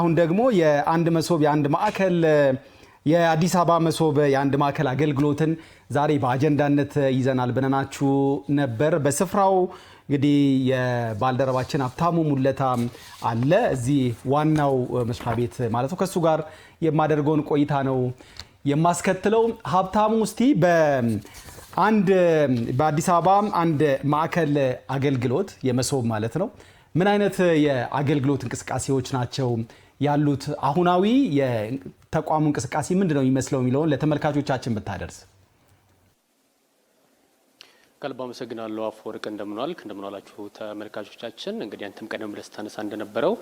አሁን ደግሞ የአንድ መሶብ የአንድ ማዕከል የአዲስ አበባ መሶብ የአንድ ማዕከል አገልግሎትን ዛሬ በአጀንዳነት ይዘናል ብለናችሁ ነበር። በስፍራው እንግዲህ የባልደረባችን ሀብታሙ ሙለታ አለ፣ እዚህ ዋናው መስሪያ ቤት ማለት ነው። ከእሱ ጋር የማደርገውን ቆይታ ነው የማስከትለው። ሀብታሙ እስቲ በአንድ በአዲስ አበባ አንድ ማዕከል አገልግሎት የመሶብ ማለት ነው ምን አይነት የአገልግሎት እንቅስቃሴዎች ናቸው ያሉት? አሁናዊ የተቋሙ እንቅስቃሴ ምንድን ነው የሚመስለው የሚለውን ለተመልካቾቻችን ብታደርስ። ከልብ አመሰግናለሁ አፈወርቅ። እንደምንዋልክ እንደምንዋላችሁ ተመልካቾቻችን። እንግዲህ አንተም ቀደም ብለህ ስታነሳ እንደነበረው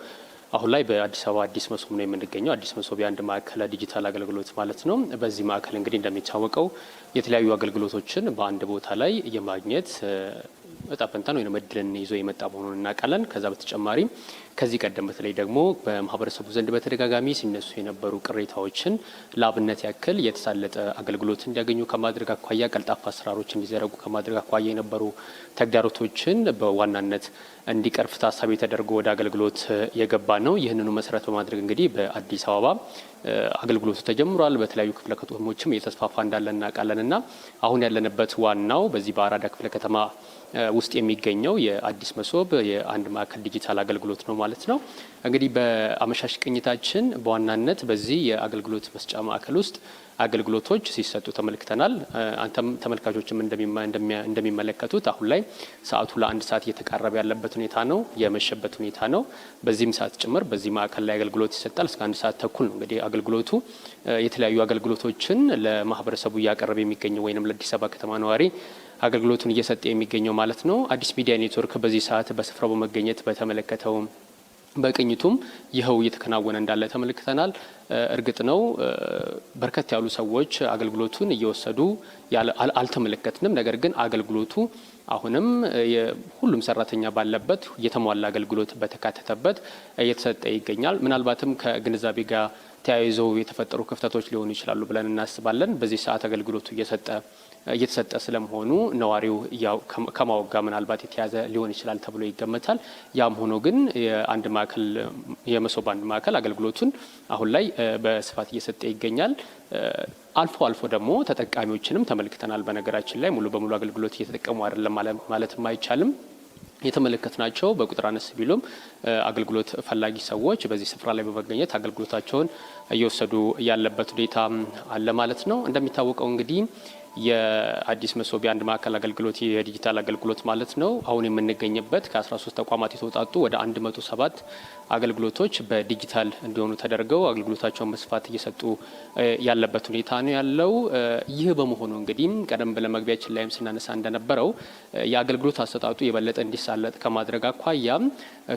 አሁን ላይ በአዲስ አበባ አዲስ መሶብ ነው የምንገኘው። አዲስ መሶብ የአንድ ማዕከለ ዲጂታል አገልግሎት ማለት ነው። በዚህ ማዕከል እንግዲህ እንደሚታወቀው የተለያዩ አገልግሎቶችን በአንድ ቦታ ላይ የማግኘት እጣ ፈንታን ወይም እድልን ይዞ የመጣ መሆኑን እናውቃለን። ከዛ በተጨማሪም ከዚህ ቀደም በተለይ ደግሞ በማህበረሰቡ ዘንድ በተደጋጋሚ ሲነሱ የነበሩ ቅሬታዎችን ለአብነት ያክል የተሳለጠ አገልግሎት እንዲያገኙ ከማድረግ አኳያ፣ ቀልጣፋ አሰራሮች እንዲዘረጉ ከማድረግ አኳያ የነበሩ ተግዳሮቶችን በዋናነት እንዲቀርፍ ታሳቢ ተደርጎ ወደ አገልግሎት የገባ ነው። ይህንኑ መሰረት በማድረግ እንግዲህ በአዲስ አበባ አገልግሎቱ ተጀምሯል። በተለያዩ ክፍለ ከተሞችም እየተስፋፋ እንዳለ እናውቃለን እና አሁን ያለንበት ዋናው በዚህ በአራዳ ክፍለ ከተማ ውስጥ የሚገኘው የአዲስ መሶብ የአንድ ማዕከል ዲጂታል አገልግሎት ነው ማለት ነው። እንግዲህ በአመሻሽ ቅኝታችን በዋናነት በዚህ የአገልግሎት መስጫ ማዕከል ውስጥ አገልግሎቶች ሲሰጡ ተመልክተናል። አንተም ተመልካቾችም እንደሚመለከቱት አሁን ላይ ሰዓቱ ለአንድ ሰዓት እየተቃረበ ያለበት ሁኔታ ነው፣ የመሸበት ሁኔታ ነው። በዚህም ሰዓት ጭምር በዚህ ማዕከል ላይ አገልግሎት ይሰጣል። እስከ አንድ ሰዓት ተኩል ነው እንግዲህ አገልግሎቱ የተለያዩ አገልግሎቶችን ለማህበረሰቡ እያቀረበ የሚገኘው ወይም ለአዲስ አበባ ከተማ ነዋሪ አገልግሎቱን እየሰጠ የሚገኘው ማለት ነው። አዲስ ሚዲያ ኔትወርክ በዚህ ሰዓት በስፍራው በመገኘት በተመለከተውም በቅኝቱም ይኸው እየተከናወነ እንዳለ ተመልክተናል። እርግጥ ነው በርከት ያሉ ሰዎች አገልግሎቱን እየወሰዱ አልተመለከትንም። ነገር ግን አገልግሎቱ አሁንም ሁሉም ሰራተኛ ባለበት የተሟላ አገልግሎት በተካተተበት እየተሰጠ ይገኛል። ምናልባትም ከግንዛቤ ጋር ተያይዘው የተፈጠሩ ክፍተቶች ሊሆኑ ይችላሉ ብለን እናስባለን። በዚህ ሰዓት አገልግሎቱ እየሰጠ እየተሰጠ ስለመሆኑ ነዋሪው ከማወቅ ጋር ምናልባት የተያዘ ሊሆን ይችላል ተብሎ ይገመታል። ያም ሆኖ ግን የአንድ ማዕከል የመሶብ አንድ ማዕከል አገልግሎቱን አሁን ላይ በስፋት እየሰጠ ይገኛል። አልፎ አልፎ ደግሞ ተጠቃሚዎችንም ተመልክተናል። በነገራችን ላይ ሙሉ በሙሉ አገልግሎት እየተጠቀሙ አይደለም ማለትም አይቻልም። የተመለከት ናቸው በቁጥር አነስ ቢሉም አገልግሎት ፈላጊ ሰዎች በዚህ ስፍራ ላይ በመገኘት አገልግሎታቸውን እየወሰዱ ያለበት ሁኔታ አለ ማለት ነው። እንደሚታወቀው እንግዲህ የአዲስ መሶቢያ አንድ ማዕከል አገልግሎት የዲጂታል አገልግሎት ማለት ነው። አሁን የምንገኝበት ከ13 ተቋማት የተውጣጡ ወደ 107 አገልግሎቶች በዲጂታል እንዲሆኑ ተደርገው አገልግሎታቸውን በስፋት እየሰጡ ያለበት ሁኔታ ነው ያለው። ይህ በመሆኑ እንግዲህ ቀደም ብለን መግቢያችን ላይም ስናነሳ እንደነበረው የአገልግሎት አሰጣጡ የበለጠ እንዲሳለጥ ከማድረግ አኳያ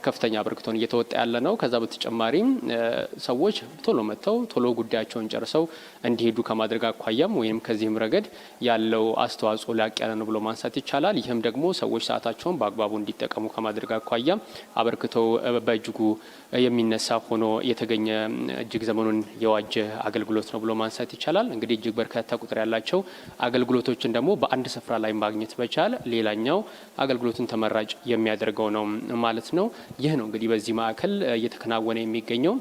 ከፍተኛ አበርክቶን እየተወጣ ያለ ነው። ከዛ በተጨማሪም ሰዎች ቶሎ መጥተው ቶሎ ጉዳያቸውን ጨርሰው እንዲሄዱ ከማድረግ አኳያም ወይም ከዚህም ረገድ ያለው አስተዋጽኦ ላቅ ያለ ነው ብሎ ማንሳት ይቻላል። ይህም ደግሞ ሰዎች ሰዓታቸውን በአግባቡ እንዲጠቀሙ ከማድረግ አኳያ አበርክተው በእጅጉ የሚነሳ ሆኖ የተገኘ እጅግ ዘመኑን የዋጀ አገልግሎት ነው ብሎ ማንሳት ይቻላል። እንግዲህ እጅግ በርካታ ቁጥር ያላቸው አገልግሎቶችን ደግሞ በአንድ ስፍራ ላይ ማግኘት መቻል ሌላኛው አገልግሎትን ተመራጭ የሚያደርገው ነው ማለት ነው። ይህ ነው እንግዲህ በዚህ ማዕከል እየተከናወነ የሚገኘው።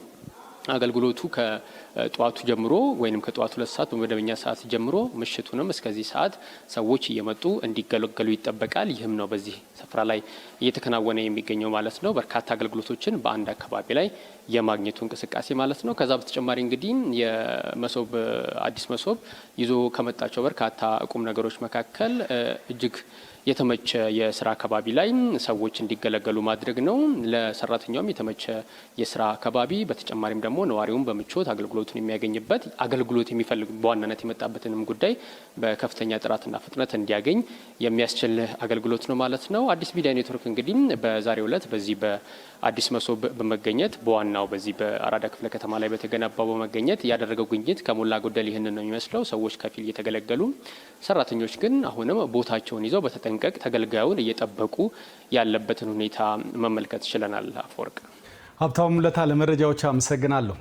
አገልግሎቱ ከጠዋቱ ጀምሮ ወይም ከጠዋቱ ሁለት ሰዓት በመደበኛ ሰዓት ጀምሮ ምሽቱንም እስከዚህ ሰዓት ሰዎች እየመጡ እንዲገለገሉ ይጠበቃል። ይህም ነው በዚህ ስፍራ ላይ እየተከናወነ የሚገኘው ማለት ነው። በርካታ አገልግሎቶችን በአንድ አካባቢ ላይ የማግኘቱ እንቅስቃሴ ማለት ነው። ከዛ በተጨማሪ እንግዲህ የመሶብ አዲስ መሶብ ይዞ ከመጣቸው በርካታ እቁም ነገሮች መካከል እጅግ የተመቸ የስራ አካባቢ ላይ ሰዎች እንዲገለገሉ ማድረግ ነው። ለሰራተኛውም የተመቸ የስራ አካባቢ፣ በተጨማሪም ደግሞ ነዋሪውን በምቾት አገልግሎቱን የሚያገኝበት አገልግሎት የሚፈልግ በዋናነት የመጣበትንም ጉዳይ በከፍተኛ ጥራትና ፍጥነት እንዲያገኝ የሚያስችል አገልግሎት ነው ማለት ነው። አዲስ ሚዲያ ኔትወርክ እንግዲህ በዛሬው ዕለት በዚህ በአዲስ መሶብ በመገኘት በዋናው በዚህ በአራዳ ክፍለ ከተማ ላይ በተገነባው በመገኘት ያደረገው ግኝት ከሞላ ጎደል ይህንን ነው የሚመስለው። ሰዎች ከፊል እየተገለገሉ፣ ሰራተኞች ግን አሁንም ቦታቸውን ይዘው በተጠ በመጠንቀቅ ተገልጋዩን እየጠበቁ ያለበትን ሁኔታ መመልከት ችለናል። አፈወርቅ ሀብታሙ ለታ ለመረጃዎች አመሰግናለሁ።